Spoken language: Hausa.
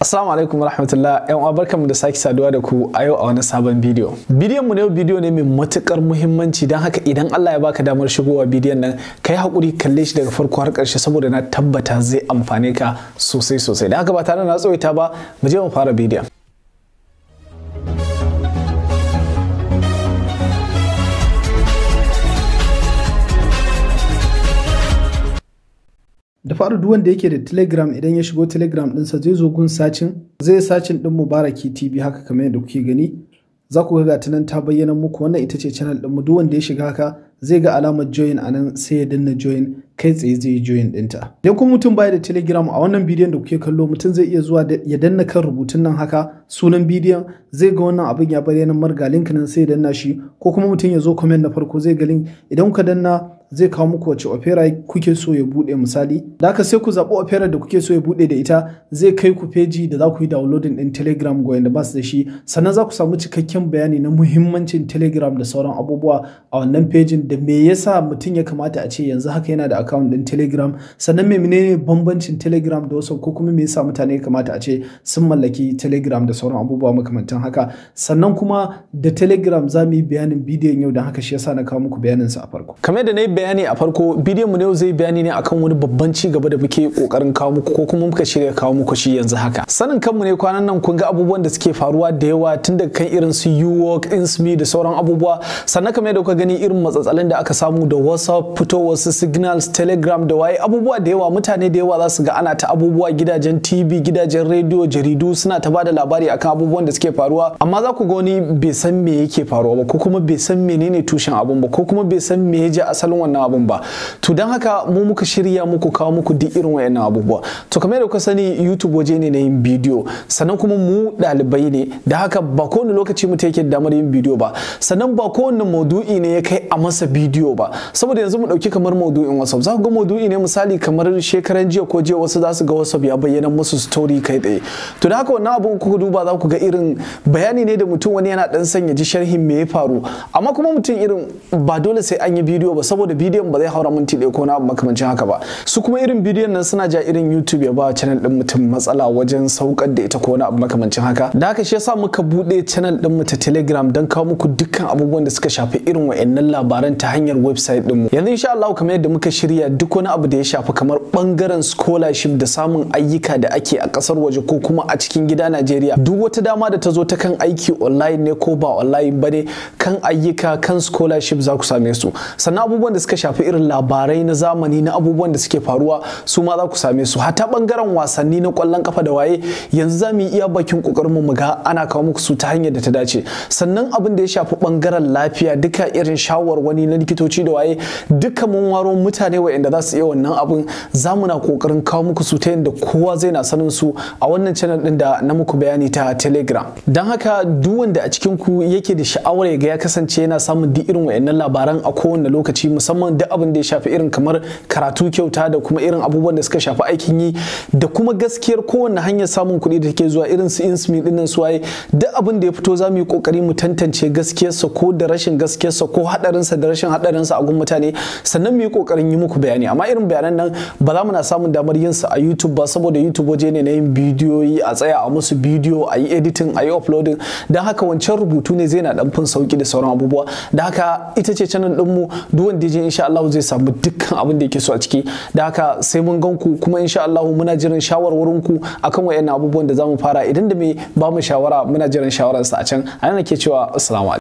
Assalamu alaikum rahmatullah yan uwa barkamu da sake saduwa da ku a yau a wani sabon bidiyo. Bidiyon mu na yau bidiyo ne mai matukar muhimmanci don haka idan Allah ya baka damar shigowa bidiyon nan kai hakuri kalle shi daga farko har karshe saboda na tabbata zai amfane ka sosai sosai. dan haka ba tare na tsawaita ba mu je mu fara bidiyon. da faru duk wanda yake da telegram idan ya shigo telegram sa zai zo gun sacin zai sacin din mubaraki tv haka kamar yadda kuke gani za ku ga ta nan ta bayyana muku wannan ita ce channel din mu duk wanda ya shiga haka zai ga alamar join a nan sai ya danna join kai tsaye zai join dinta idan kuma mutum baya da telegram a wannan bidiyon da kuke kallo mutum zai iya zuwa ya danna kan rubutun nan haka sunan bidiyon zai ga wannan abin ya bayyana marga link nan sai ya danna shi ko kuma mutum ya zo comment na farko zai ga link idan kuka danna zai kawo muku wace opera kuke so ya bude misali da haka sai ku zaɓi opera da kuke so ya bude da ita zai kai ku feji da za ku yi downloading din telegram ga wanda ba su da shi sannan za ku samu cikakken bayani na muhimmancin telegram da sauran abubuwa a wannan pejin da me yasa mutum ya kamata a ce yanzu haka yana da account din telegram sannan me ne bambancin telegram da wasu ko kuma me yasa mutane ya kamata a ce sun mallaki telegram da sauran abubuwa makamantan haka sannan kuma da telegram za mu yi bayanin bidiyon yau don haka shi yasa na kawo muku bayanin sa a farko kamar da na bayani a farko bidiyon mu yau zai bayani ne akan wani babban ci gaba da muke kokarin kawo muku ko kuma muka shirya kawo muku shi yanzu haka sanin kanmu ne kwanan nan kun ga abubuwan da suke faruwa da yawa tun daga kan irin su in insmi da sauran abubuwa sannan kamar yadda kuka gani irin matsatsalen da aka samu da whatsapp fitowar su signals telegram da waye abubuwa da yawa mutane da yawa za su ga ana ta abubuwa gidajen tv gidajen rediyo jaridu suna ta bada labari akan abubuwan da suke faruwa amma za ku ga wani bai san me yake faruwa ba ko kuma bai san menene tushen abun ba ko kuma bai san me ya ji asalin wannan abun ba to don haka mu muka shirya muku kawo muku duk irin wayannan abubuwa to kamar da kuka sani youtube waje ne na yin bidiyo sannan kuma mu dalibai ne da haka ba kowane lokaci mu take damar yin bidiyo ba sannan ba kowane maudu'i ne ya kai a masa bidiyo ba saboda yanzu mu ɗauki kamar maudu'in whatsapp za ku ga maudu'i ne misali kamar shekaran jiya ko jiya wasu za su ga whatsapp ya bayyana musu story kai tsaye to da haka wannan abun kuka duba za ku ga irin bayani ne da mutum wani yana dan sanya ji sharhin me ya faru amma kuma mutum irin ba dole sai an yi bidiyo ba saboda bidiyon ba zai haura minti ɗaya ko na makamancin haka ba su kuma irin bidiyon nan suna ja irin youtube ya ba channel din mutum matsala wajen saukar da ita ko na makamancin haka da haka shi yasa muka buɗe channel din mu ta telegram don kawo muku dukkan abubuwan da suka shafi irin wa'annan labaran ta hanyar website din mu yanzu insha Allah kamar yadda muka shirya duk wani abu da ya shafi kamar bangaren scholarship da samun ayyuka da ake a kasar waje ko kuma a cikin gida Najeriya duk wata dama da ta zo ta kan aiki online ne ko ba online ba ne kan ayyuka kan scholarship za ku same su sannan abubuwan da suka shafi irin labarai na zamani na abubuwan da suke faruwa su ma za ku same su hata bangaren wasanni na kwallon kafa da waye yanzu za mu iya bakin kokarin mu ga ana kawo muku su ta hanyar da ta dace sannan abin da ya shafi bangaren lafiya duka irin shawarwani na likitoci da waye duka mun waro mutane waɗanda za su iya wannan abin za mu na kokarin kawo muku su ta yadda kowa zai na sanin su a wannan channel din da na muku bayani ta telegram don haka duk wanda a cikin ku yake da sha'awar ya ga ya kasance yana samun duk irin waɗannan labaran a kowane lokaci musamman musamman duk abin da ya shafi irin kamar karatu kyauta da kuma irin abubuwan da suka shafi aikin yi da kuma gaskiyar kowanne hanyar samun kuɗi da take zuwa irin su insmi dinnan su waye duk abin da ya fito za mu yi kokari mu tantance gaskiyarsa ko da rashin gaskiyarsa ko hadarinsa da rashin hadarinsa a gun mutane sannan mu yi kokarin yi muku bayani amma irin bayanan nan ba za mu na samun damar yin su a YouTube ba saboda YouTube waje ne na yin bidiyoyi a tsaya a musu bidiyo a yi editing a yi uploading don haka wancan rubutu ne zai na dan fin sauki da sauran abubuwa da haka ita ce channel mu duk wanda je insha Allah zai samu dukkan abin da yake so a ciki da haka sai mun gan ku kuma insha Allah muna jiran shawarwarin ku akan wayannan abubuwan da zamu fara idan da me ba mu shawara muna jiran shawararsa a can a nan nake cewa assalamu